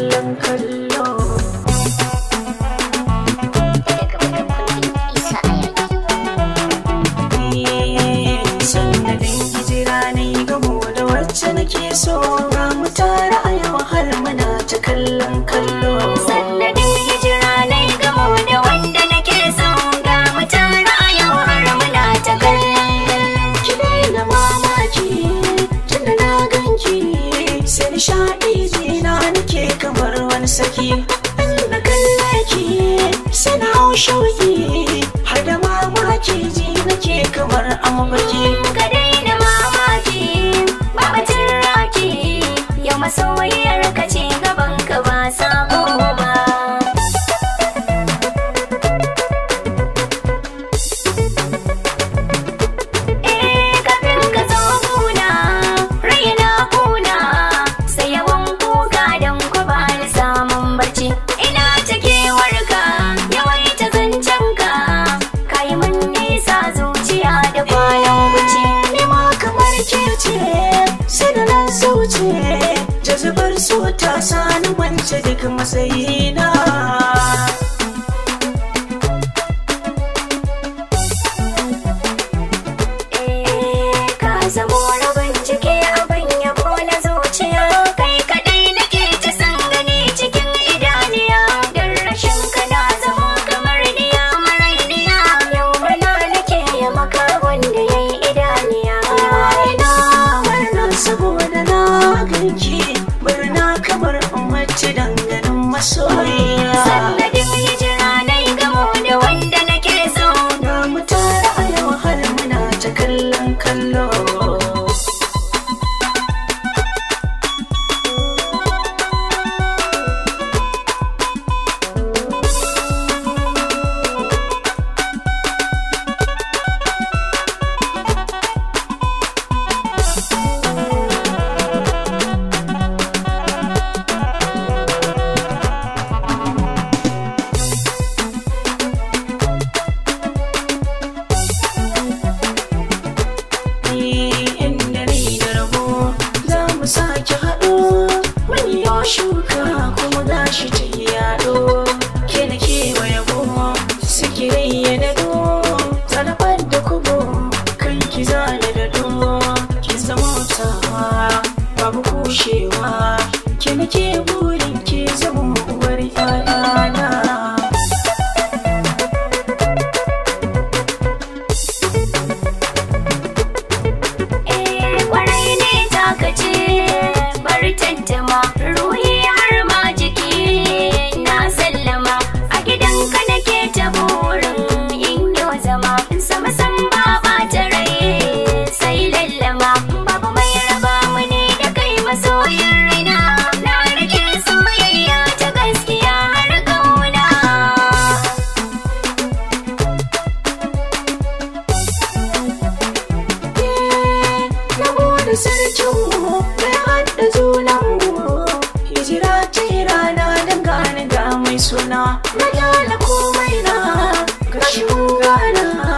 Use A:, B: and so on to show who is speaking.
A: கள்ளம் கள்ள saki na kalle ki sana hau shauki har da mamaki
B: ji nake kamar an
A: ta zubar so ta sani wance duk matsayina what you do. suna na gyara komai na kashi shigo